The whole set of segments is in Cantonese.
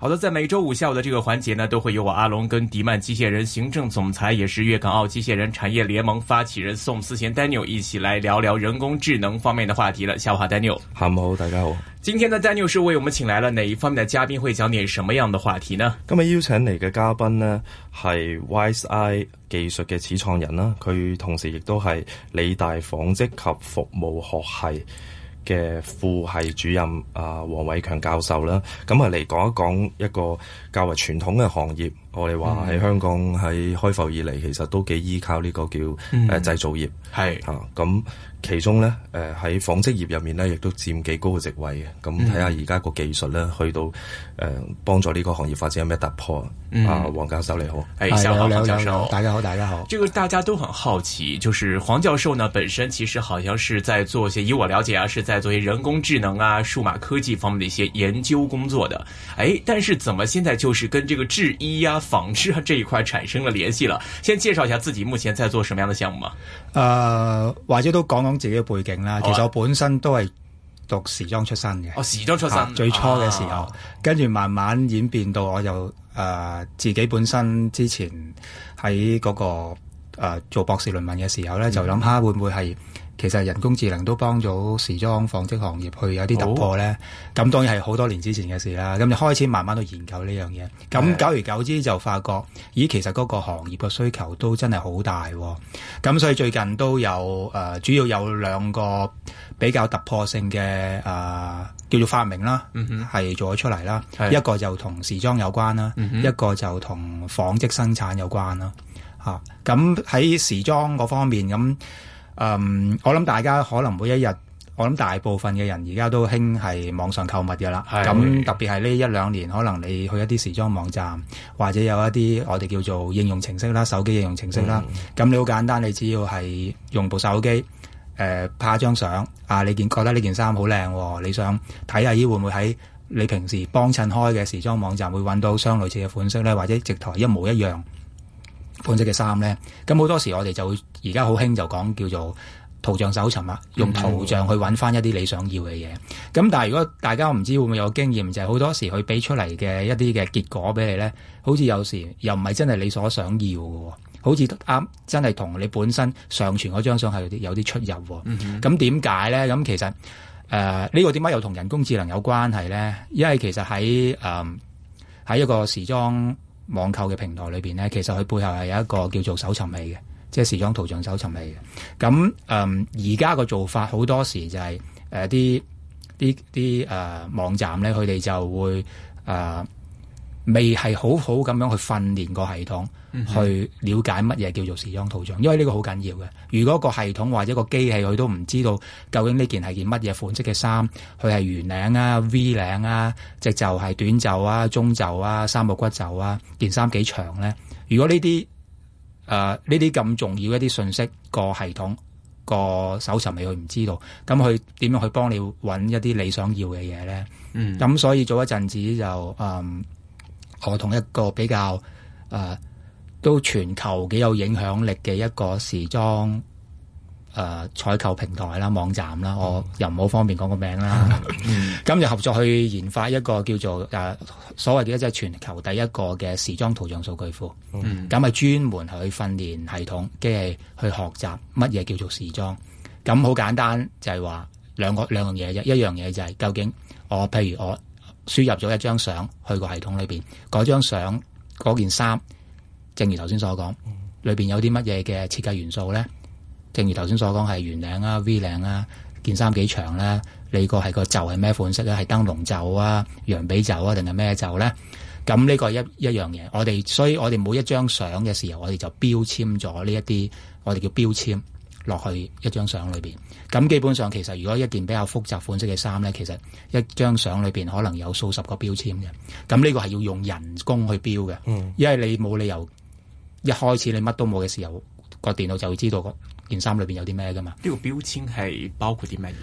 好的，在每週五下午的這個環節呢，都會有我阿龍跟迪曼機械人行政總裁，也是粵港澳機械人產業聯盟發起人宋思賢 Daniel 一起來聊聊人工智能方面的話題了。下午好，Daniel。下午好，大家好。今天的 Daniel 是為我們請來了哪一方面的嘉賓？會講點什麼樣的話題呢？今日邀請嚟嘅嘉賓呢，係 Wisei 技術嘅始創人啦，佢同時亦都係理大紡織及服務學系。嘅副系主任啊，黃偉強教授啦，咁啊嚟講一講一個較為傳統嘅行業，我哋話喺香港喺開埠以嚟，其實都幾依靠呢個叫誒、嗯呃、製造業係吓，咁、啊、其中咧誒喺紡織業入面咧，亦都佔幾高嘅職位嘅，咁睇下而家個技術咧、嗯，去到。誒、呃，幫助呢個行業發展有咩突破啊、嗯？啊，黃教授你好，誒，你好，黃、哎哎、教授，大家好，大家好。這個大家都很好奇，就是黃教授呢本身其實好像是在做一些，以我了解啊，是在做一些人工智能啊、數碼科技方面的一些研究工作的。哎但是怎麼現在就是跟這個製衣啊、紡織、啊、這一塊產生了聯繫了？先介紹一下自己目前在做什麼樣的項目嗎、啊、呃或者都講講自己嘅背景啦、啊。其實我本身都係。讀時裝出身嘅，我、哦、時裝出身。啊、最初嘅時候，跟、啊、住慢慢演變到，我就誒、呃、自己本身之前喺嗰、嗰個、呃、做博士論文嘅時候咧、嗯，就諗下會唔會係。其實人工智能都幫咗時裝、紡織行業去有啲突破呢。咁、oh. 當然係好多年之前嘅事啦。咁就開始慢慢去研究呢樣嘢，咁久而久之就發覺，咦，其實嗰個行業嘅需求都真係好大、哦。咁所以最近都有誒、呃，主要有兩個比較突破性嘅誒、呃、叫做發明啦，係、mm -hmm. 做咗出嚟啦。Mm -hmm. 一個就同時裝有關啦，mm -hmm. 一個就同紡織生產有關啦。嚇、啊，咁喺時裝嗰方面咁。誒、um，我諗大家可能每一日，我諗大部分嘅人而家都興係網上購物㗎啦。咁特別係呢一兩年，可能你去一啲時裝網站，或者有一啲我哋叫做應用程式啦，手機應用程式啦。咁你好簡單，你只要係用部手機，誒、呃、拍張相，啊你件覺得呢件衫好靚喎，你想睇下咦會唔會喺你平時幫襯開嘅時裝網站會揾到相類似嘅款式呢？或者直頭一模一樣。款式嘅衫咧，咁好多時我哋就會而家好興就講叫做圖像搜尋啦，用圖像去搵返一啲你想要嘅嘢。咁、mm -hmm. 但係如果大家唔知會唔會有經驗，就係、是、好多時佢俾出嚟嘅一啲嘅結果俾你咧，好似有時又唔係真係你所想要嘅，好似啱真係同你本身上傳嗰張相係有啲有啲出入。咁點解咧？咁其實誒呢、呃這個點解又同人工智能有關係咧？因為其實喺誒喺一個時裝。網購嘅平台裏邊咧，其實佢背後係有一個叫做搜尋器嘅，即係時裝圖像搜尋器嘅。咁誒，而家個做法好多時就係誒啲啲啲誒網站咧，佢哋就會誒、呃、未係好好咁樣去訓練個系統。嗯、去了解乜嘢叫做時裝套裝，因為呢個好緊要嘅。如果個系統或者個機器佢都唔知道究竟呢件係件乜嘢款式嘅衫，佢係圓領啊、V 領啊、直袖係短袖啊、中袖啊、三個骨袖啊，件衫幾長咧？如果呢啲誒呢啲咁重要一啲信息個系統，個搜尋器佢唔知道，咁佢點樣去幫你搵一啲你想要嘅嘢咧？咁、嗯、所以早一陣子就嗯，我同一個比較誒。呃都全球幾有影響力嘅一個時裝誒採、呃、購平台啦，網站啦，嗯、我又唔好方便講個名啦。咁、嗯、 就合作去研發一個叫做誒、啊、所謂嘅一隻全球第一個嘅時裝圖像數據庫。咁、嗯、係專門去訓練系統，即係去學習乜嘢叫做時裝。咁好簡單就係話兩個兩樣嘢啫，一樣嘢就係、是、究竟我譬如我輸入咗一張相去個系統裏面，嗰張相嗰件衫。正如頭先所講，裏面有啲乜嘢嘅設計元素咧？正如頭先所講，係圓領啊、V 領啊，件衫幾長咧、啊？你、個係個袖係咩款式咧？係燈籠袖啊、羊髀袖啊，定係咩袖咧？咁呢個係一一樣嘢，我哋所以我哋每一張相嘅時候，我哋就標籤咗呢一啲我哋叫標籤落去一張相裏面。咁基本上其實如果一件比較複雜款式嘅衫咧，其實一張相裏面可能有數十個標籤嘅。咁呢個係要用人工去標嘅、嗯，因為你冇理由。一開始你乜都冇嘅時候，個電腦就會知道件衫裏面有啲咩噶嘛？呢、這個標籤係包括啲乜嘢？誒、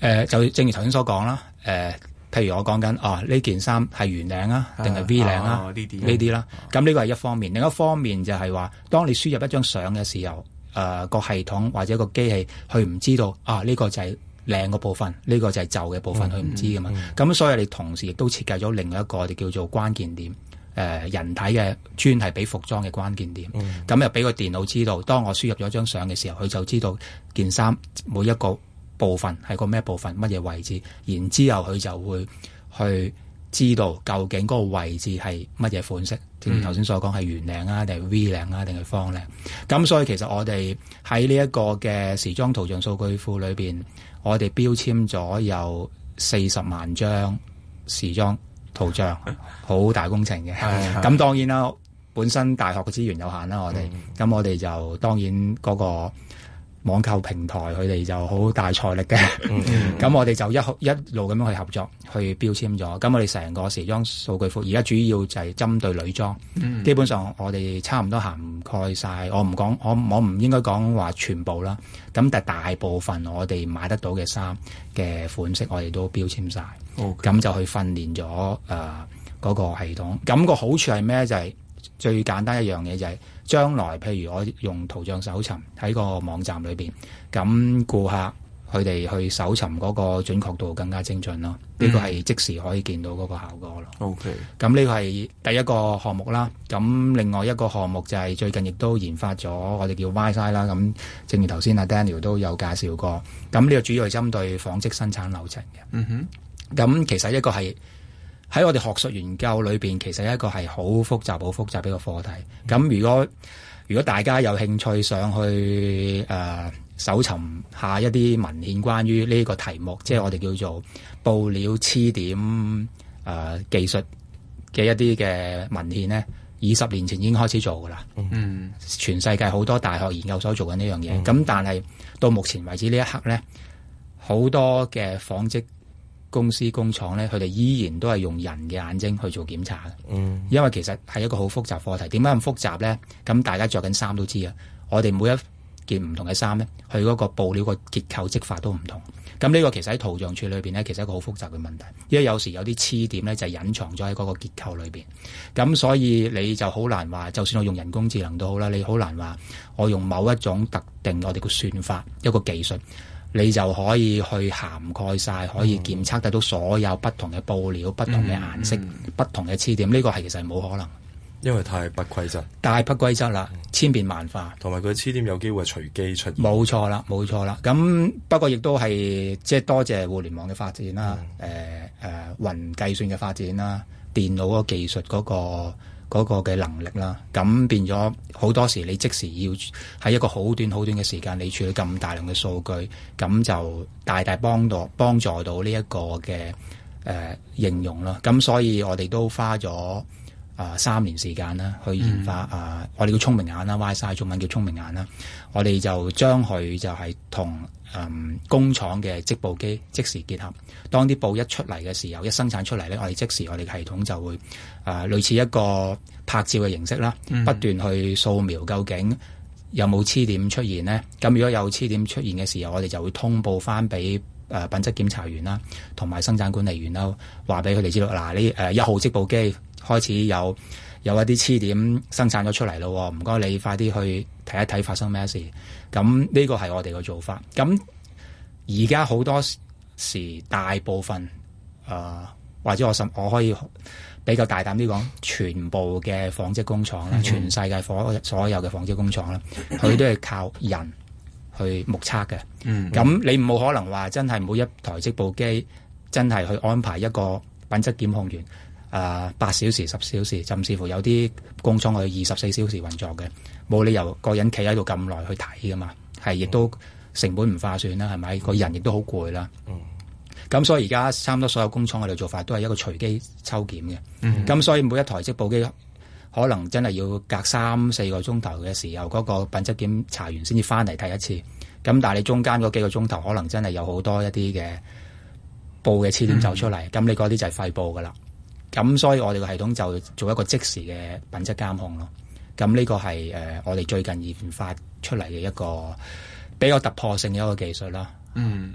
呃，就正如頭先所講啦。誒、呃，譬如我講緊啊，呢件衫係圓領啊，定、啊、係 V 領啊？呢啲呢啲啦。咁、啊、呢、啊啊啊啊、個係一方面，另一方面就係話，當你輸入一張相嘅時候，誒、呃、個系統或者個機器，佢唔知道啊呢、這個就係靚嘅部分，呢、這個就係舊嘅部分，佢、嗯、唔知噶嘛。咁、嗯嗯、所以你同時亦都設計咗另一個，我哋叫做關鍵點。誒、呃、人體嘅專係俾服裝嘅關鍵點，咁又俾個電腦知道，當我輸入咗張相嘅時候，佢就知道件衫每一個部分係個咩部分，乜嘢位置，然之後佢就會去知道究竟嗰個位置係乜嘢款式。正如頭先所講，係圓領啊，定係 V 領啊，定係方領。咁所以其實我哋喺呢一個嘅時裝圖像數據庫裏面，我哋標籤咗有四十萬張時裝。圖像好、啊、大工程嘅，咁 當然啦，本身大學嘅資源有限啦，嗯、我哋，咁我哋就當然嗰、嗰個。網購平台佢哋就好大財力嘅，咁、okay. 我哋就一一路咁樣去合作，去標籤咗。咁我哋成個時裝數據庫，而家主要就係針對女裝，mm -hmm. 基本上我哋差唔多涵蓋晒，我唔講，我我唔應該講話全部啦。咁但大部分我哋買得到嘅衫嘅款式，我哋都標籤晒。咁、okay. 就去訓練咗誒嗰個系統。咁、個好處係咩？就係、係、最簡單一樣嘢就係、係。將來譬如我用圖像搜尋喺個網站裏面，咁顧客佢哋去搜尋嗰個準確度更加精準咯，呢、嗯呢個係即時可以見到嗰個效果咯。OK，咁呢個係第一個項目啦。咁另外一個項目就係最近亦都研發咗我哋叫 Yside 啦。咁正如頭先阿 Daniel 都有介紹過，咁呢個主要係針對紡織生產流程嘅。嗯哼，咁其實一個係。喺我哋學術研究裏邊，其實一個係好複雜、好複雜嘅一個課題。咁如果如果大家有興趣上去誒、呃、搜尋下一啲文獻，關於呢個題目，嗯、即係我哋叫做布料黐點誒、呃、技術嘅一啲嘅文獻呢，二十年前已經開始做㗎啦。嗯，全世界好多大學研究所做緊呢樣嘢。咁、嗯、但係到目前為止呢一刻呢，好多嘅紡織公司工廠呢，佢哋依然都係用人嘅眼睛去做檢查嘅。嗯，因為其實係一個好複雜課題。點解咁複雜呢？咁大家着緊衫都知啊。我哋每一件唔同嘅衫呢，佢嗰個布料個結構織法都唔同。咁呢個其實喺圖像處理裏面呢，其實一個好複雜嘅問題。因為有時有啲黐點呢，就隱藏咗喺嗰個結構裏面。咁所以你就好難話，就算我用人工智能都好啦，你好難話我用某一種特定我哋個算法一個技術。你就可以去涵蓋晒，可以檢測得到所有不同嘅布料、嗯、不同嘅顏色、嗯、不同嘅黐點。呢、呢個係其實係冇可能，因為太不規則，太不規則啦，千變萬化。同埋佢嘅黐點有機會係隨機出現。冇錯啦，冇錯啦。咁不過亦都係即係多謝互聯網嘅發展啦，誒誒雲計算嘅發展啦，電腦嗰技術嗰、嗰個，嗰、那個嘅能力啦，咁變咗好多時，你即時要喺一個好短好短嘅時間，你處理咁大量嘅數據，咁就大大幫到幫助到呢一個嘅誒應用咯。咁、呃、所以我哋都花咗。啊，三年時間啦，去研發、嗯、啊，我哋叫聰明眼啦（外 i 中文叫聰明眼啦）。我哋就將佢就係同誒工廠嘅織布機即時結合。當啲布一出嚟嘅時候，一生產出嚟咧，我哋即時我哋系統就會啊，類似一個拍照嘅形式啦，不斷去掃描究竟有冇黐點出現呢？咁如果有黐點出現嘅時候，我哋就會通報翻俾誒品質檢查員啦，同埋生產管理員啦，話俾佢哋知道嗱呢誒一號織布機，開始有有一啲黐點生產咗出嚟咯，唔該你快啲去睇一睇發生咩事。咁呢個係我哋嘅做法。咁而家好多時大部分，誒、呃、或者我甚我可以比較大膽啲講，全部嘅紡織工廠啦， 全世界所有嘅紡織工廠啦，佢都係靠人去目測嘅。嗯，咁 你冇可能話真係每一台織布機真係去安排一個品質檢控員。誒、uh，八小時、十小時，甚至乎有啲工廠可以二十四小時運作嘅，冇理由個人企喺度咁耐去睇噶嘛。係，亦都成本唔划算啦，係咪、嗯？個人亦都好攰啦。咁、嗯、所以而家差唔多所有工廠嘅做法都係一個隨機抽檢嘅。咁、嗯、所以每一台織布機可能真係要隔三四個鐘頭嘅時候，嗰、那個品質檢查員先至翻嚟睇一次。咁但係你中間嗰幾個鐘頭，可能真係有好多一啲嘅布嘅疵點走出嚟，咁、嗯、你嗰啲就係廢布噶啦。咁所以，我哋個系統就做一個即時嘅品質監控咯。咁呢個係誒、呃、我哋最近研發出嚟嘅一個比較突破性嘅一個技術啦。嗯。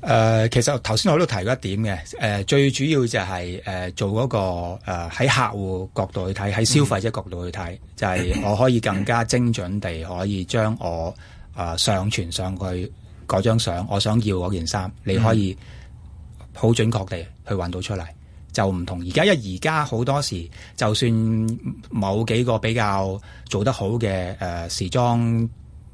誒、呃，其實頭先我都提過一點嘅，誒、呃、最主要就係、是、誒、呃、做嗰、那個喺、呃、客戶角度去睇，喺消費者角度去睇、嗯，就係、是、我可以更加精準地可以將我誒、呃、上傳上去嗰張相，我想要嗰件衫、嗯，你可以好準確地去揾到出嚟，就唔同而家，因為而家好多時，就算某幾個比較做得好嘅誒、呃、時裝。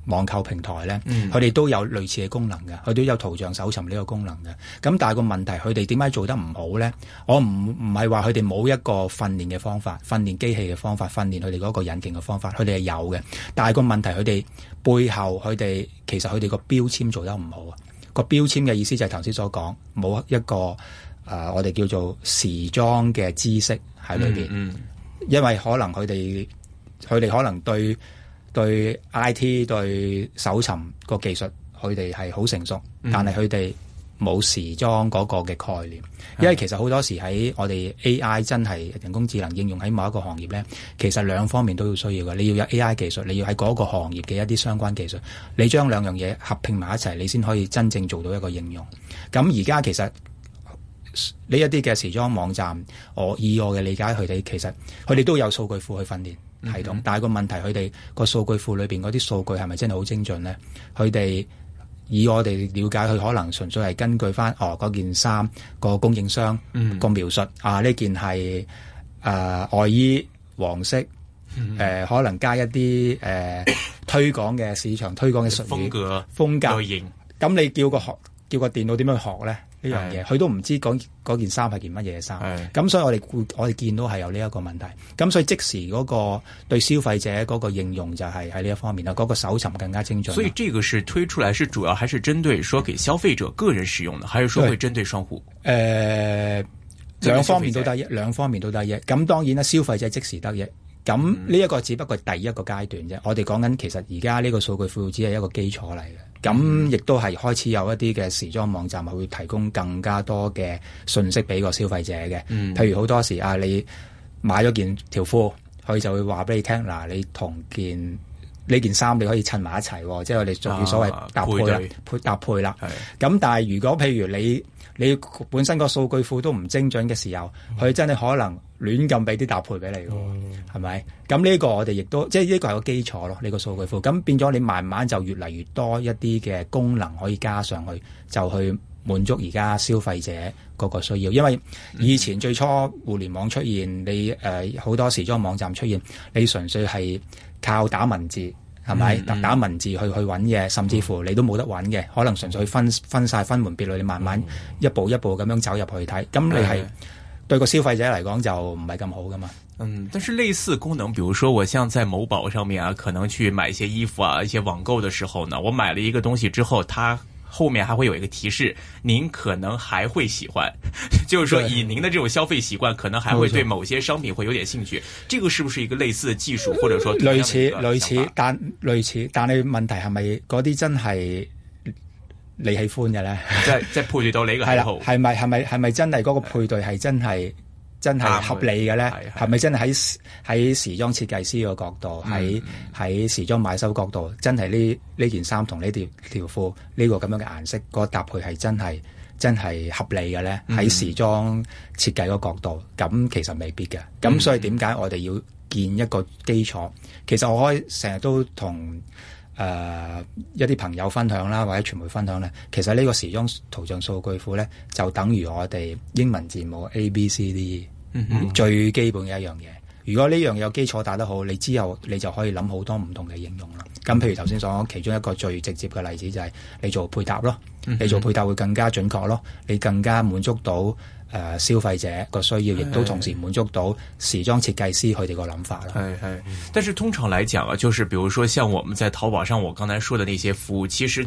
網購平台呢，佢、嗯、哋都有類似嘅功能嘅，佢都有圖像搜尋呢個功能嘅。咁但係個問題，佢哋點解做得唔好呢？我唔唔係話佢哋冇一個訓練嘅方法，訓練機器嘅方法，訓練佢哋嗰個引擎嘅方法，佢哋係有嘅。但係個問題，佢哋背後佢哋其實佢哋個標籤做得唔好啊。個標籤嘅意思就係頭先所講，冇一個誒、呃、我哋叫做時裝嘅知識喺裏邊。因為可能佢哋佢哋可能對。對 IT 對搜尋個技術，佢哋係好成熟，但係佢哋冇時裝嗰個嘅概念、嗯。因為其實好多時喺我哋 AI 真係人工智能應用喺某一個行業呢，其實兩方面都要需要嘅。你要有 AI 技術，你要喺嗰個行業嘅一啲相關技術，你將兩樣嘢合併埋一齊，你先可以真正做到一個應用。咁而家其實。呢一啲嘅時裝網站，我以我嘅理解，佢哋其實佢哋都有數據庫去訓練系統，mm -hmm. 但係個問題，佢哋個數據庫裏邊嗰啲數據係咪真係好精準呢？佢哋以我哋了解，佢可能純粹係根據翻哦，嗰件衫、個供應商、個描述、mm -hmm. 啊，呢件係誒外衣黃色、誒、mm -hmm. 呃、可能加一啲誒、呃、 推廣嘅市場推廣嘅風格、啊、風格型、咁你叫個學叫個電腦點樣學呢？呢樣嘢，佢都唔知嗰件衫係件乜嘢衫。咁所以我哋我哋見到係有呢一個問題。咁所以即時嗰個對消費者嗰個應用就係喺呢一方面啦。嗰、那個搜尋更加清楚。所以這個是推出來，是主要還是針對說給消費者個人使用的，還是說會針對商戶？誒，兩、呃、方面都得益，兩方面都得益。咁當然啦，消費者即時得益。咁呢一個只不過係第一個階段啫，我哋講緊其實而家呢個數據庫只係一個基礎嚟嘅，咁亦都係開始有一啲嘅時裝網站會提供更加多嘅信息俾個消費者嘅，嗯、譬如好多時啊，你買咗件條褲，佢就會話俾你聽嗱、啊，你同件。呢件衫你可以襯埋一齊，即係我哋仲要所謂搭配啦、啊，配搭配啦。咁但係如果譬如你你本身個數據庫都唔精準嘅時候，佢、嗯、真係可能亂咁俾啲搭配俾你喎，係、嗯、咪？咁呢個我哋亦都即係呢個係個基礎咯，呢、呢個數據庫。咁變咗你慢慢就越嚟越多一啲嘅功能可以加上去，就去滿足而家消費者嗰個需要。因為以前最初互聯網出現，你誒好、呃、多時裝網站出現，你純粹係。靠打文字係咪？打文字去去揾嘢、嗯，甚至乎你都冇得揾嘅，可能純粹分分晒分門別類，你慢慢一步一步咁樣走入去睇。咁、嗯、你係對個消費者嚟講就唔係咁好㗎嘛。嗯，但是類似功能，比如說我像在某寶上面啊，可能去買一些衣服啊，一些網購嘅時候呢，我買了一個東西之後，它。後面還會有一個提示，您可能還會喜歡，就是說以您的這種消費習慣，可能還會對某些商品會有點興趣。這個是不是一個類似的技術，或者說對類似類似，但類似，但你問題係咪嗰啲真係你喜歡嘅呢？即係即係配對到你個喜好，係咪係咪係咪真係嗰個配對係真係？真係合理嘅咧，係咪真係喺喺時裝設計師個角度，喺喺時裝買手角度，真係呢呢件衫同呢條條褲呢、呢個咁樣嘅顏色嗰、嗰個、搭配係真係真係合理嘅咧？喺時裝設計個角度，咁其實未必嘅。咁所以點解我哋要建一個基礎？其實我可以成日都同誒、呃、一啲朋友分享啦，或者傳媒分享咧。其實呢個時裝圖像數據庫咧，就等於我哋英文字母 A、B、C、D、E。Mm -hmm. 最基本嘅一樣嘢，如果呢樣有基礎打得好，你之後你就可以諗好多唔同嘅應用啦。咁譬如頭先所講，其中一個最直接嘅例子就係你做配搭咯，mm -hmm. 你做配搭會更加準確咯，你更加滿足到、呃、消費者個需要，亦都同時滿足到時裝設計師佢哋個諗法啦。係、mm -hmm. 但係通常嚟講啊，就是，比如說，像我們在淘寶上，我剛才說的那些服務其實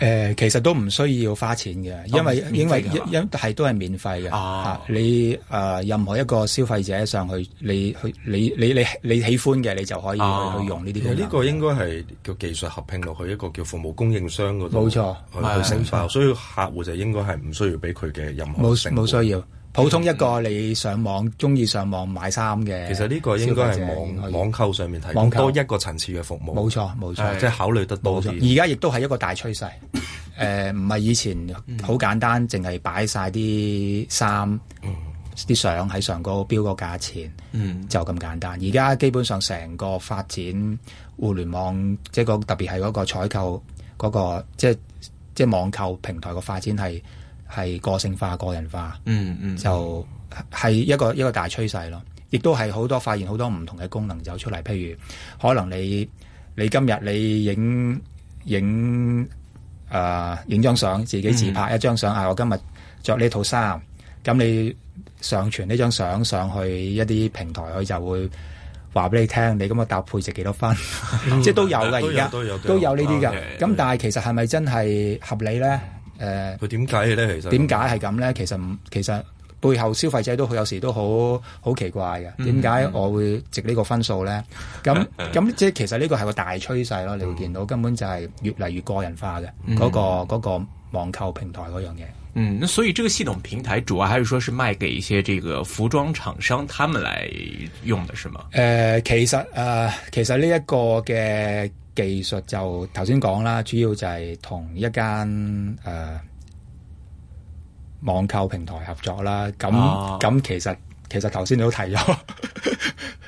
誒、呃、其實都唔需要花錢嘅，因為因為因係都係免費嘅，啊。啊，你誒、呃、任何一個消費者上去，你去你你你你喜歡嘅，你就可以去、啊、去用呢啲。呢個應該係叫技術合拼落去一個叫服務供應商嗰度，冇錯，去升級。所以客戶就應該係唔需要俾佢嘅任何成本。冇冇需要。普通一個你上網中意、嗯、上網買衫嘅，其實呢個應該係網網購上面提多一個層次嘅服務。冇錯，冇錯、啊，即係考慮得多。而家亦都係一個大趨勢。誒、 呃，唔係以前好簡單，淨係擺晒啲衫、啲相喺上高、嗯、標個價錢，嗯，就咁簡單。而家基本上成個發展互聯網，即係個特別係嗰個採購嗰個，即係即係網購平台嘅發展係。係個性化、個人化，嗯嗯，就係、是、一個一個大趨勢咯。亦都係好多發現好多唔同嘅功能走出嚟。譬如可能你你今日你影影啊影張相，自己自拍一張相、嗯、啊。我今日着呢套衫，咁你上傳呢張相上去一啲平台，佢就會話俾你聽，你咁嘅搭配值幾多分，嗯、 即係都有噶。而家都有呢啲㗎。咁、okay，但係其實係咪真係合理咧？誒佢點解咧？其實點解係咁咧？其實其實背後消費者都好有時都好好奇怪嘅。點解我會值呢個分數咧？咁咁即係其實呢個係個大趨勢咯。 你會見到根本就係越嚟越個人化嘅嗰、嗯嗰個嗰、嗰個網購平台嗰樣嘢。嗯，所以呢個系統平台主要還是說是賣給一些這個服裝廠商他們來用的，是嗎？呃，其實，呃、其實呢一個嘅。技術就頭先講啦，主要就係同一間誒、呃、網購平台合作啦。咁咁、oh. 其實其實頭先你都提咗，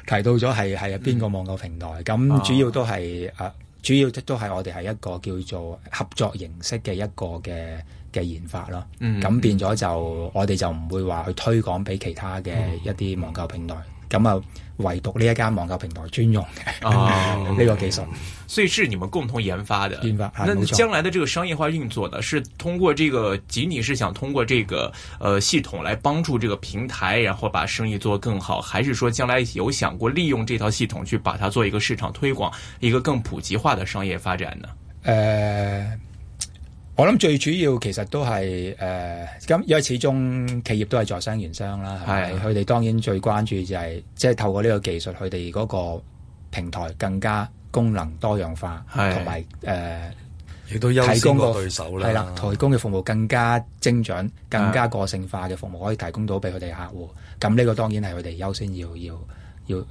提到咗係係邊個網購平台？咁、mm. 主要都係誒、oh. 啊，主要都都係我哋係一個叫做合作形式嘅一個嘅嘅研發咯。咁、mm -hmm. 變咗就我哋就唔會話去推廣俾其他嘅一啲網購平台。咁、mm、啊 -hmm.～唯獨呢一間網購平台專用嘅、哦，呢 個技術，所以是你們共同研發的。研發，那將來的這個商業化運作呢，是通過這個，僅僅是想通過這個，呃，系統來幫助這個平台，然後把生意做更好，還是說將來有想過利用這套系統去把它做一個市場推廣，一個更普及化的商業發展呢？誒、呃。我諗最主要其實都係誒，咁、呃、因為始終企業都係在商言商啦，係咪？佢哋當然最關注就係、是，即、就、係、是、透過呢個技術，佢哋嗰個平台更加功能多樣化，同埋誒，亦、呃、都優先過對手啦。係啦，提供嘅服務更加精準、更加個性化嘅服務，可以提供到俾佢哋客戶。咁呢個當然係佢哋優先要要要。要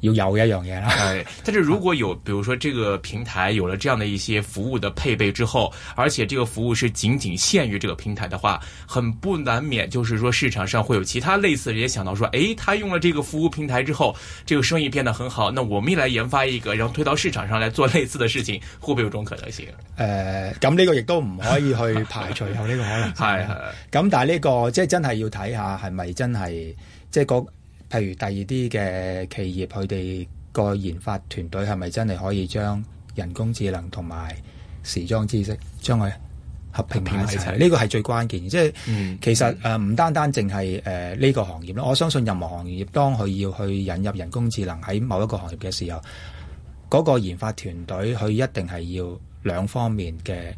要有一樣嘢啦，誒，但是如果有，比如說這個平台有了這樣的一些服務的配備之後，而且這個服務是僅僅限於這個平台的話，很不難免就是說市場上會有其他類似人想到說，誒、哎，他用了這個服務平台之後，這個生意變得很好，那我們一來研發一個，然後推到市場上來做類似的事情，會不會有種可能性？誒、呃，咁呢個亦都唔可以去排除有呢個可能，係 係、哎，咁、哎哎、但係呢個即係真係要睇下係咪真係即係個。譬如第二啲嘅企業，佢哋個研發團隊係咪真係可以將人工智能同埋時裝知識將佢合併埋一齊？呢個係最關鍵，即、嗯、係其實誒唔單單淨係呢個行業，我相信任何行業，當佢要去引入人工智能喺某一個行業嘅時候，嗰、那個研發團隊佢一定係要兩方面嘅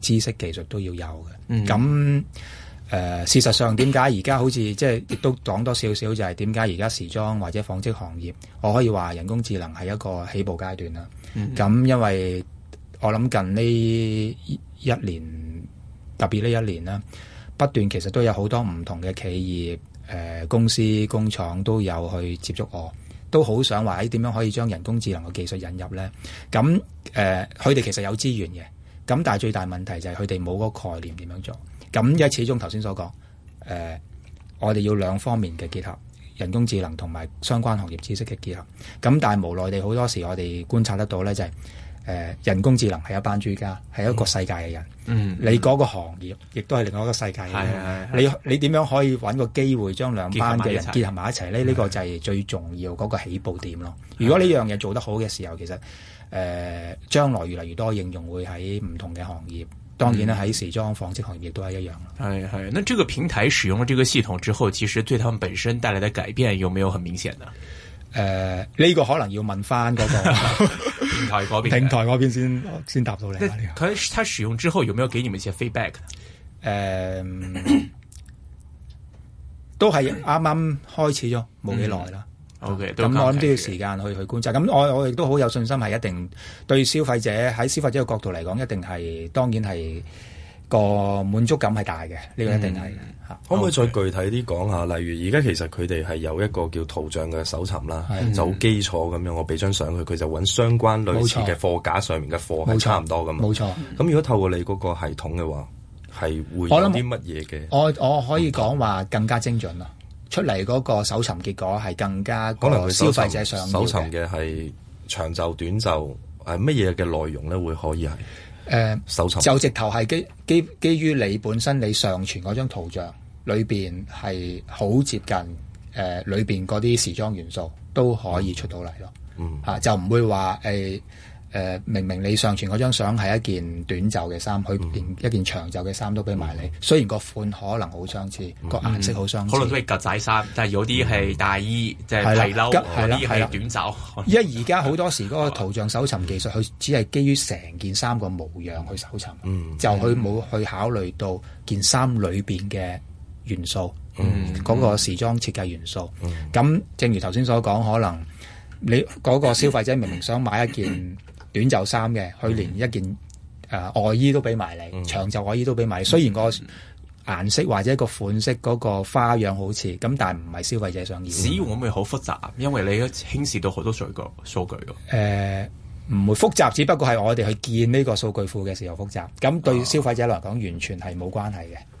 知識技術都要有嘅。咁、嗯誒、呃，事實上點解而家好似即係亦都講多少少，就係點解而家時裝或者紡織行業，我可以話人工智能係一個起步階段啦。咁、mm -hmm. 因為我諗近呢一年，特別呢一年啦，不斷其實都有好多唔同嘅企業、呃、公司、工廠都有去接觸我，都好想話喺點樣可以將人工智能嘅技術引入呢。咁誒，佢、呃、哋其實有資源嘅，咁但係最大問題就係佢哋冇嗰個概念點樣做。咁即係始終頭先所講，誒、呃，我哋要兩方面嘅結合，人工智能同埋相關行業知識嘅結合。咁但係無奈地好多時我哋觀察得到呢、就是，就係誒人工智能係一班專家，係、嗯、一個世界嘅人。嗯。嗯，你嗰個行業亦都係另外一個世界人。嘅、嗯嗯。你你點樣可以揾個機會將兩班嘅人結合埋一齊呢？呢、呢個就係最重要嗰個起步點咯。嗯、如果呢樣嘢做得好嘅時候，其實誒將、呃、來越嚟越多應用會喺唔同嘅行業。當然啦，喺時裝紡織行業都係一樣啦。係、哎哎、那這個平台使用了這個系統之後，其實對他們本身帶來的改變有冇有很明顯的？誒、呃，呢、這個可能要問翻嗰個 平台嗰邊， 平台嗰邊 先先答到你。佢使用之後，有冇有給你哋一些 feedback？誒、呃，都係啱啱開始咗，冇幾耐啦。咁、okay，我諗都要時間去去觀察，咁我我亦都好有信心係一定對消費者喺消費者嘅角度嚟講，一定係當然係個滿足感係大嘅，呢、嗯呢個一定係、嗯。可唔可以再具體啲講下？Okay. 例如而家其實佢哋係有一個叫圖像嘅搜尋啦，就基礎咁樣、嗯，我俾張相佢，佢就揾相關類似嘅貨架上面嘅貨係差唔多咁冇錯。咁如果透過你嗰個系統嘅話，係會有啲乜嘢嘅？我我，我可以講話更加精準啦。出嚟嗰個搜尋結果係更加個可能消費者上嘅。搜尋嘅係長袖、短袖係乜嘢嘅內容咧？會可以係誒搜尋，呃、就直頭係基基基於你本身你上傳嗰張圖像裏面係好接近誒裏，呃、面嗰啲時裝元素都可以出到嚟咯。嗯，啊，就唔會話誒明明你上傳嗰張相係一件短袖嘅衫，佢、嗯、連一件長袖嘅衫都俾埋你、嗯。雖然個款可能好相似，個、嗯、顏色好相似，可能都係格仔衫、嗯，但係有啲係大衣，即、嗯、係、就是、皮褸，有啲係短袖。因為而家好多時嗰個圖像搜尋技術，佢只係基於成件衫個模樣去搜尋，嗯、就佢冇去考慮到件衫裏邊嘅元素，嗰、嗯嗰個時裝設計元素。咁、嗯、正如頭先所講、嗯，可能你嗰個消費者明明想買一件。短袖衫嘅，佢連一件誒外衣都俾埋你、嗯，長袖外衣都俾埋你、嗯。雖然個顏色或者個款式嗰個花樣好似咁，但係唔係消費者想要。使用會唔會好複雜？因為你要輕視到好多數據數據㗎。嗯、呃、唔會複雜，只不過係我哋去建呢個數據庫嘅時候複雜。咁對消費者嚟講，完全係冇關係嘅。哦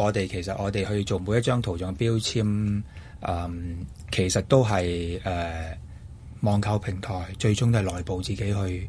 我哋其實我哋去做每一張圖像標籤，誒、嗯，其實都係誒、呃、網購平台最終都係內部自己去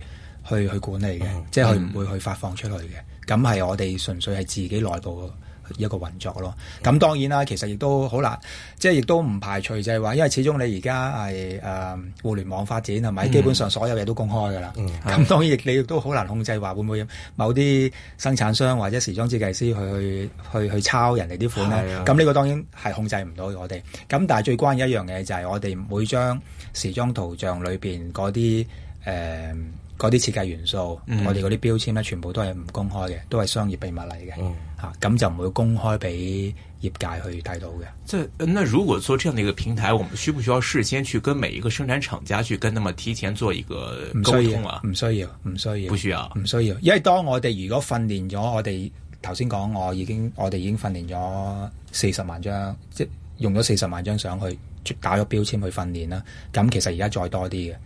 去去管理嘅，oh. 即係佢唔會去發放出去嘅。咁係我哋純粹係自己內部嘅。一個運作咯，咁當然啦，其實亦都好難，即係亦都唔排除就係、是、話，因為始終你而家係誒互聯網發展係咪、嗯？基本上所有嘢都公開㗎啦。咁、嗯、當然你亦都好難控制，話會唔會某啲生產商或者時裝設計師去去去抄人哋啲款咧？咁呢個當然係控制唔到我哋。咁但係最關鍵一樣嘢就係我哋每張時裝圖像裏邊嗰啲誒。呃嗰啲設計元素，嗯、我哋嗰啲標籤咧，全部都係唔公開嘅，都係商業秘密嚟嘅嚇，咁、嗯啊、就唔會公開俾業界去睇到嘅。即係，那如果做這樣一個平台，我們需不需要事先去跟每一個生產廠家去跟他們提前做一個溝通啊？唔需要，唔需要，不需要，唔需要，因為當我哋如果訓練咗我哋頭先講，我已經我哋已經訓練咗四十萬張，即係用咗四十萬張相去打咗標籤去訓練啦。咁其實而家再多啲嘅，誒、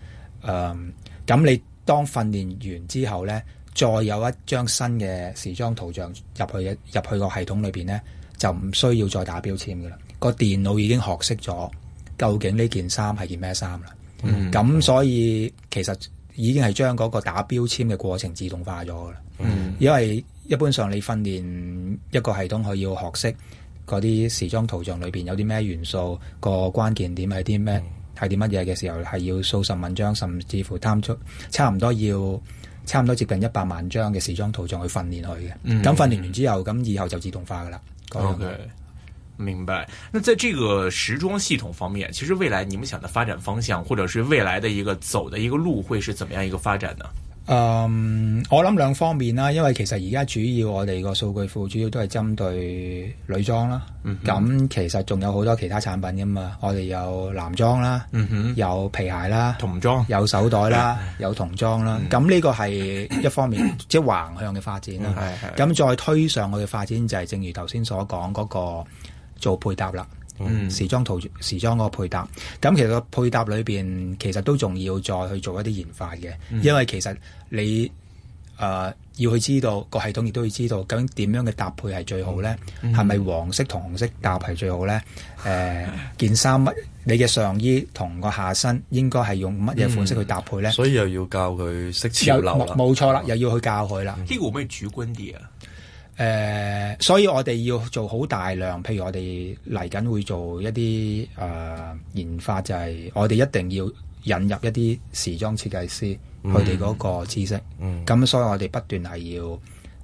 嗯、咁你。當訓練完之後呢，再有一張新嘅時裝圖像入去入去個系統裏面呢，呢就唔需要再打標籤㗎喇。個電腦已經學識咗究竟呢件衫係件咩衫啦。咁、嗯、所以其實已經係將嗰個打標籤嘅過程自動化咗㗎喇。因為一般上你訓練一個系統，佢要學識嗰啲時裝圖像裏面有啲咩元素，個關鍵點係啲咩？嗯睇啲乜嘢嘅時候，係要數十萬張甚至乎貪出差唔多要差唔多接近一百萬張嘅時裝圖像去訓練佢嘅。咁、嗯、訓練完之後，咁以後就自動化噶啦。O K，明白。那在這個時裝系統方面，其實未來你們想的發展方向，或者是未來嘅一個走嘅一個路，會是怎麼樣一個發展呢？嗯、um，我諗兩方面啦，因為其實而家主要我哋個數據庫主要都係針對女裝啦，咁、嗯、其實仲有好多其他產品噶嘛，我哋有男裝啦、嗯哼，有皮鞋啦，童裝，有手袋啦， 有童裝啦，咁、嗯、呢個係一方面 即係橫向嘅發展啦，咁 再推上去嘅發展就係正如頭先所講嗰個做配搭啦。嗯，時裝圖時裝個配搭，咁其實個配搭裏面其實都仲要再去做一啲研發嘅、嗯，因為其實你、呃、要去知道個系統亦都要知道究竟點樣嘅搭配係最好咧，係、嗯、咪黃色同紅色搭配係最好咧？誒、嗯呃，件衫乜你嘅上衣同個下身應該係用乜嘢款式去搭配咧、嗯？所以又要教佢識潮流冇錯啦，又要去教佢啦。呢個咪主觀啲啊！誒、呃，所以我哋要做好大量，譬如我哋嚟緊會做一啲誒、呃、研發，就係我哋一定要引入一啲時裝設計師佢哋嗰個知識。咁、嗯、所以我哋不斷係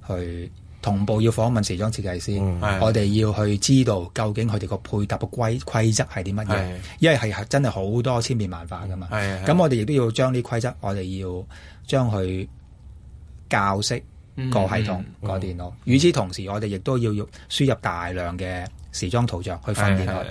要去同步要訪問時裝設計師，嗯、我哋要去知道究竟佢哋個配搭嘅規、規則係啲乜嘢，因為係真係好多千變萬化㗎嘛。咁我哋亦都要將啲規則，我哋要將佢教識，個系統個電腦，與、嗯嗯、此同時，我哋亦都要輸入大量嘅時裝圖像去訓練佢，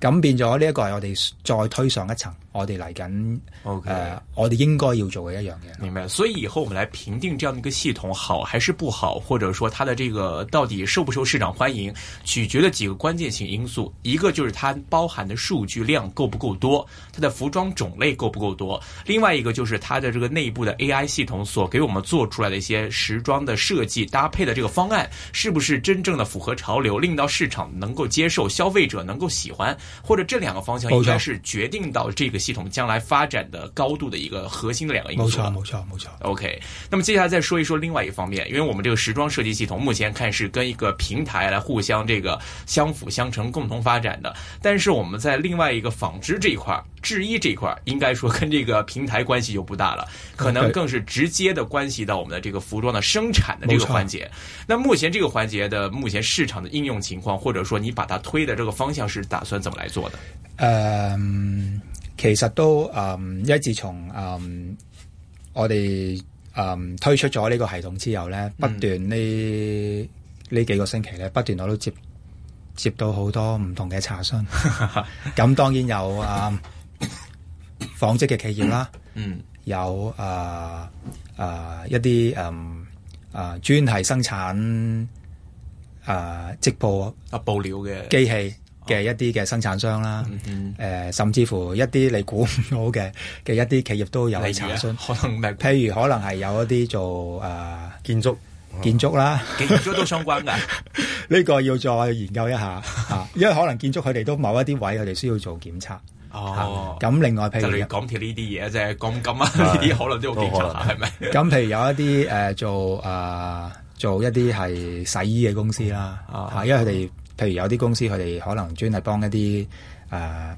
咁變咗呢一個係我哋再推上一層。我哋嚟緊，誒、okay. 呃，我哋應該要做嘅一樣嘢。Okay. 明白，所以以後我們來評定這樣一個系統好還是不好，或者說它的這個到底受不受市場歡迎，取決的幾個關鍵性因素，一個就是它包含的數據量夠唔夠多，它的服裝種類夠唔夠多，另外一個就是它的這個內部的 AI 系統所給我們做出來的一些時裝的設計搭配的這個方案，是不是真正的符合潮流，令到市場能夠接受，消費者能夠喜歡，或者這兩個方向應該是決定到這個。系統將來發展的高度的一個核心的兩個因素，沒錯，沒錯，沒錯。OK，那麼接下來再說一說另外一方面，因為我們這個時裝設計系統目前看是跟一個平台來互相這個相輔相成、共同發展的。但是我們在另外一個紡織這一塊、製衣這一塊，應該說跟這個平台關係就不大了，可能更是直接的關係到我們的這個服裝的生產的這個環節。那目前這個環節的目前市場的應用情況，或者說你把它推的這個方向是打算怎麼來做的？嗯。其實都誒、嗯，一自從誒、嗯、我哋誒、嗯、推出咗呢個系統之後咧、嗯，不斷呢呢幾個星期咧，不斷我都接接到好多唔同嘅查詢。咁 當然有誒紡織嘅企業啦、嗯嗯，有誒誒、啊啊、一啲誒、啊啊、專係生產誒織布啊布料嘅機器。啊嘅一啲嘅生產商啦，誒、嗯嗯呃、甚至乎一啲你估唔到嘅嘅一啲企業都有查詢，可能譬如可能係有一啲做誒、呃、建築、啊、建築啦，建築都相關嘅，呢 個要再研究一下、 啊、因為可能建築佢哋都某一啲位佢哋需要做檢測。哦，咁、啊、另外譬如港鐵呢啲嘢啫，鋼筋啊呢啲可能都要檢查係咪？咁譬如有一啲誒、呃、做、呃、做一啲係洗衣嘅公司啦、嗯啊啊啊，因為佢哋。譬如有啲公司佢哋可能專係幫一啲誒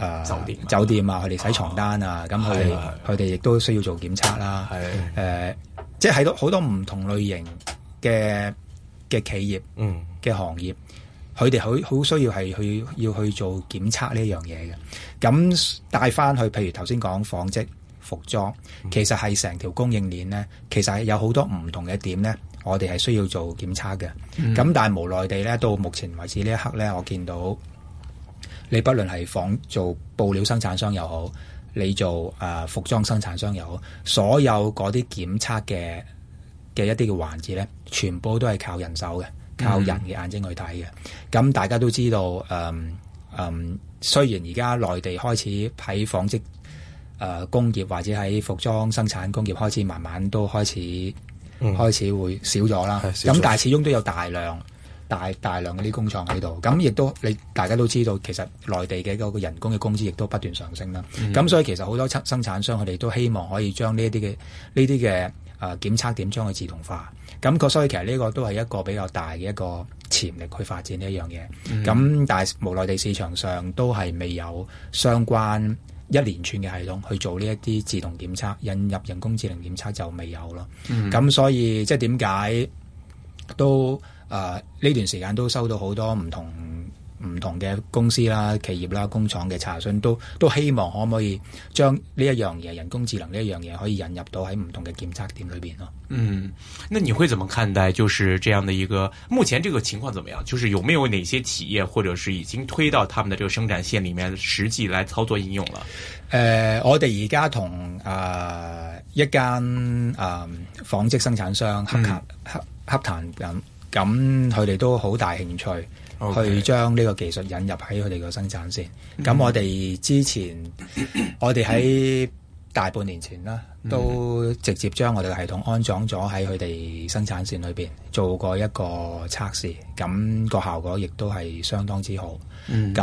誒酒店酒店啊，佢、啊、哋、啊、洗床單啊，咁佢哋佢哋亦都需要做檢測啦、啊啊啊啊。即係喺度好多唔同類型嘅嘅企業嘅、嗯、行業，佢哋好好需要係去要去做檢測呢樣嘢嘅。咁帶翻去譬如頭先講紡織服裝，其實係成條供應鏈咧，其實係有好多唔同嘅點咧。我哋係需要做檢測嘅，咁、嗯、但係無奈地呢，到目前為止呢一刻呢，我見到你，不論係仿做布料生產商又好，你做誒、呃、服裝生產商又好，所有嗰啲檢測嘅嘅一啲嘅環節呢，全部都係靠人手嘅，靠人嘅眼睛去睇嘅。咁、嗯、大家都知道，誒、嗯、誒、嗯，雖然而家內地開始喺紡織誒、呃、工業或者喺服裝生產工業開始慢慢都開始。開始會少咗啦，咁、嗯、但係始終都有大量大大量嗰啲工廠喺度，咁亦都你大家都知道，其實內地嘅嗰個人工嘅工資亦都不斷上升啦。咁、嗯、所以其實好多生產商佢哋都希望可以將呢啲嘅呢啲嘅啊檢測點將佢自動化，咁所以其實呢個都係一個比較大嘅一個潛力去發展呢一樣嘢。咁、嗯、但係無內地市場上都係未有相關。一連串嘅系統去做呢一啲自動檢測，引入人工智能檢測就未有咯。咁、mm -hmm. 所以即係點解都啊呢、呃、段時間都收到好多唔同。唔同嘅公司啦、企業啦、工廠嘅查詢，都都希望可唔可以將呢一樣嘢、人工智能呢一樣嘢可以引入到喺唔同嘅檢測點裏邊咯。嗯，那你會怎麼看待就是這樣的一個，目前這個情況怎麼樣？就是有沒有哪些企業或者是已經推到他們的這個生產線裡面實際來操作應用了？誒、呃，我哋而家同誒一間誒紡織生產商洽、洽、洽、嗯、洽談咁，佢哋、嗯、都好大興趣。Okay. 去將呢個技術引入喺佢哋個生產線。咁、mm -hmm. 我哋之前，mm -hmm. 我哋喺大半年前啦，mm -hmm. 都直接將我哋嘅系統安裝咗喺佢哋生產線裏面，做過一個測試。咁、個效果亦都係相當之好。咁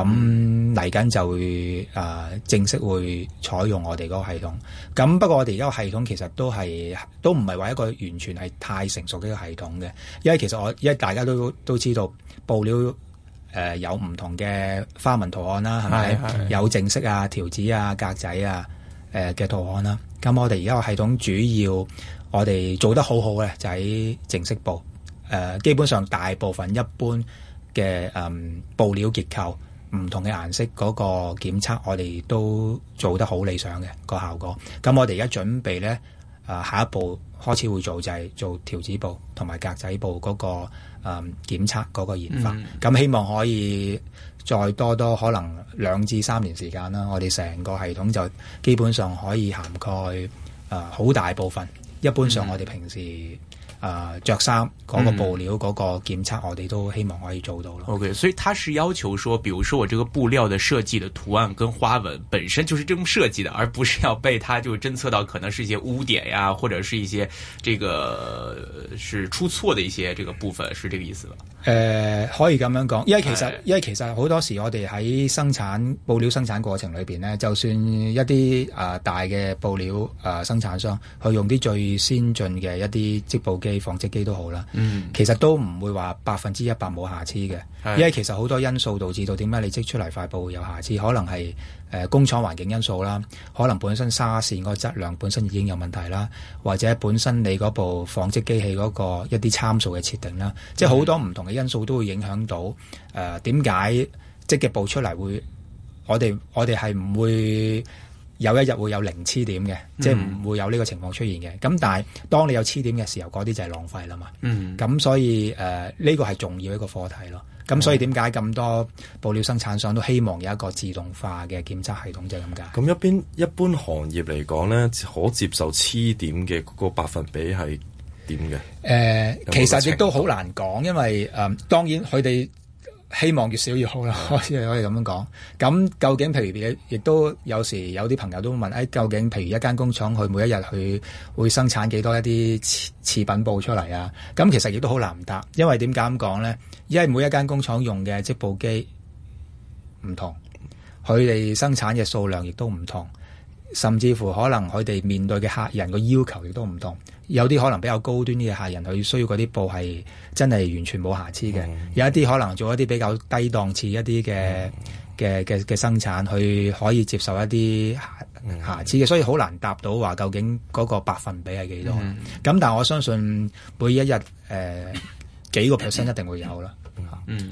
嚟緊就會誒、呃、正式會採用我哋嗰個系統。咁不過我哋而家個系統其實都係都唔係話一個完全係太成熟嘅一個系統嘅，因為其實我因為大家都都知道布料。誒、呃、有唔同嘅花紋圖案啦，係咪有正色啊、條子啊、格仔啊嘅、呃、圖案啦、啊？咁、嗯、我哋而家個系統主要我哋做得好好嘅，就喺正色布。誒、呃，基本上大部分一般嘅誒、嗯、布料結構唔同嘅顏色嗰個檢測，我哋都做得好理想嘅、個效果。咁、嗯、我哋而家準備咧、呃、下一步開始會做就係、是、做條子布同埋格仔布嗰個。誒、嗯、檢測嗰個研發，咁、嗯、希望可以再多多可能兩至三年時間啦，我哋成個系統就基本上可以涵蓋誒好大部分，一般上我哋平時，誒著衫嗰個布料嗰、嗯那個檢測，我哋都希望可以做到咯。O、okay, K，所以他是要求說，比如說我這個布料的設計的圖案跟花紋本身就是這麼設計的，而不是要被他就偵測到可能是一些污點呀、啊，或者是一些這個是出錯的一些這個部分，是這個意思吧，誒、呃、可以咁樣講，因為其實、哎、因為其實好多時我哋喺生產布料生產過程裏邊咧，就算一啲誒、呃、大嘅布料誒、呃、生產商去用啲最先進嘅一啲織布。嘅紡織機都好啦，嗯，其實都唔會話百分之一百冇瑕疵嘅，因為其實好多因素導致到點解你織出嚟塊布會有瑕疵，可能係誒、呃、工廠環境因素啦，可能本身紗線嗰個質量本身已經有問題啦，或者本身你嗰部紡織機器嗰個一啲參數嘅設定啦，是即係好多唔同嘅因素都會影響到誒點解織嘅布出嚟會，我哋我哋係唔會。有一日會有零黐點嘅、嗯，即係唔會有呢個情況出現嘅。咁但係當你有黐點嘅時候，嗰啲就係浪費啦嘛。咁、嗯、所以誒，呢、呃這個係重要一個課題咯。咁所以點解咁多布料生產商都希望有一個自動化嘅檢測系統就、嗯，就係咁解。咁一邊一般行業嚟講咧，可接受黐點嘅嗰個百分比係點嘅？誒、呃，其實亦都好難講，因為誒、呃，當然佢哋，希望越少越好啦，可以可以咁樣講。咁究竟譬如亦都有時有啲朋友都問，誒，究竟譬如一間工廠佢每一日佢會生產幾多一啲次品布出嚟啊？咁其實亦都好難答，因為點解咁講呢？因為每一間工廠用嘅織布機唔同，佢哋生產嘅數量亦都唔同，甚至乎可能佢哋面對嘅客人個要求亦都唔同。有啲可能比較高端啲嘅客人，佢需要嗰啲布係真係完全冇瑕疵嘅、嗯；有一啲可能做一啲比較低檔次一啲嘅嘅嘅嘅生產，佢可以接受一啲瑕疵嘅、嗯，所以好難答到話究竟嗰個百分比係幾多。咁、嗯，但我相信每一日誒、呃、 幾個 percent 一定會有啦。嗯。啊嗯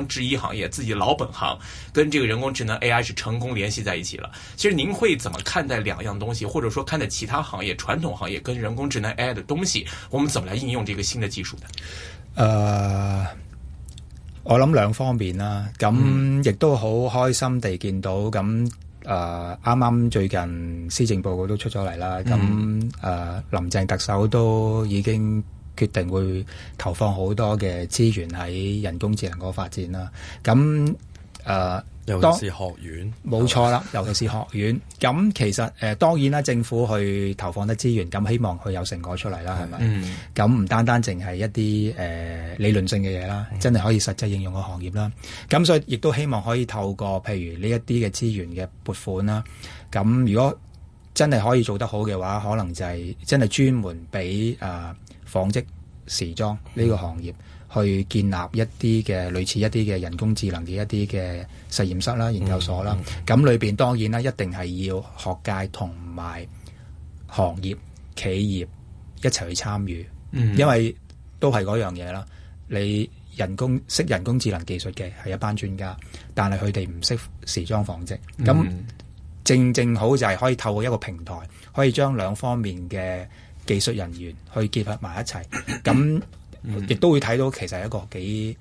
製衣行業自己老本行跟這個人工智能 AI 是成功聯繫在一起了。其實您會怎麼看待兩樣東西，或者說看待其他行業、傳統行業跟人工智能 AI 的東西，我們怎麼來應用這個新的技術呢、呃？我諗兩方面啦、啊，咁、嗯、亦、嗯、都好開心地見到咁啱啱最近施政報告都出咗嚟啦，咁、嗯嗯呃、林鄭特首都已經。決定會投放好多嘅資源喺人工智能嗰個發展啦，咁誒、呃，尤其是學院，冇錯啦，尤其是學院。咁其，其實誒、呃、當然啦，政府去投放得資源，咁希望佢有成果出嚟啦，係、嗯、咪？咁唔單單淨係一啲誒、呃、理論性嘅嘢啦，嗯、真係可以實際應用嘅行業啦。咁所以亦都希望可以透過譬如呢一啲嘅資源嘅撥款啦，咁如果。真係可以做得好嘅話，可能就係真係專門俾啊、呃、紡織時裝呢個行業去建立一啲嘅類似一啲嘅人工智能嘅一啲嘅實驗室啦、研究所啦。咁、嗯、裏、嗯、面當然啦，一定係要學界同埋行業企業一齊去參與，嗯、因為都係嗰樣嘢啦。你人工識人工智能技術嘅係一班專家，但係佢哋唔識時裝紡織，咁。嗯正正好就係可以透過一個平台，可以將兩方面嘅技術人員去結合埋一齊，咁亦都會睇到其實一個幾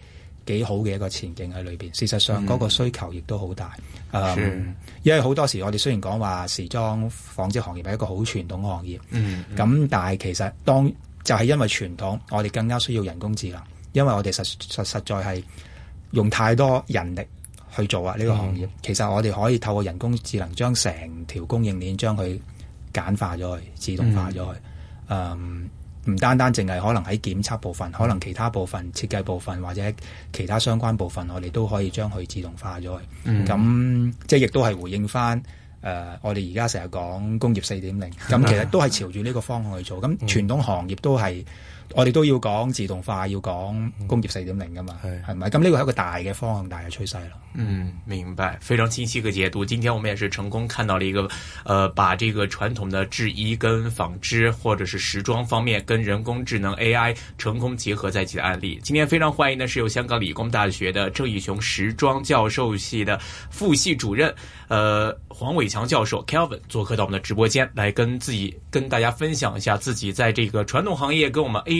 幾好嘅一個前景喺裏邊，事實上嗰個需求亦都好大，嗯 um, 因為好多時我哋雖然講話時裝紡織行業係一個好傳統行業，嗯，咁、嗯、但係其實當就係、是、因為傳統，我哋更加需要人工智能，因為我哋實實實在係用太多人力。去做啊！呢、這個行業、嗯、其實我哋可以透過人工智能將成條供應鏈將佢簡化咗去自動化咗去。誒、嗯，唔、嗯、單單淨係可能喺檢測部分、嗯，可能其他部分、設計部分或者其他相關部分，我哋都可以將佢自動化咗去。咁、嗯、即係亦都係回應翻誒、呃，我哋而家成日講工業四點零，咁其實都係朝住呢個方向去做。咁傳統行業都係。嗯嗯我哋都要講自動化，要講工業四點零噶嘛，係、嗯、係咪？咁呢、這個係一個大嘅方向，大嘅趨勢。嗯，明白。非常清晰嘅解讀。今天我們也是成功看到了一個，呃，把這個傳統的製衣跟紡織，或者是時裝方面，跟人工智能 AI 成功結合在一起嘅案例。今天非常歡迎呢，是由香港理工大學的鄭義雄時裝教授系的副系主任，呃，黃偉強教授 Kelvin 做客到我們的直播間，來跟自己，跟大家分享一下自己在這個傳統行業，跟我們 A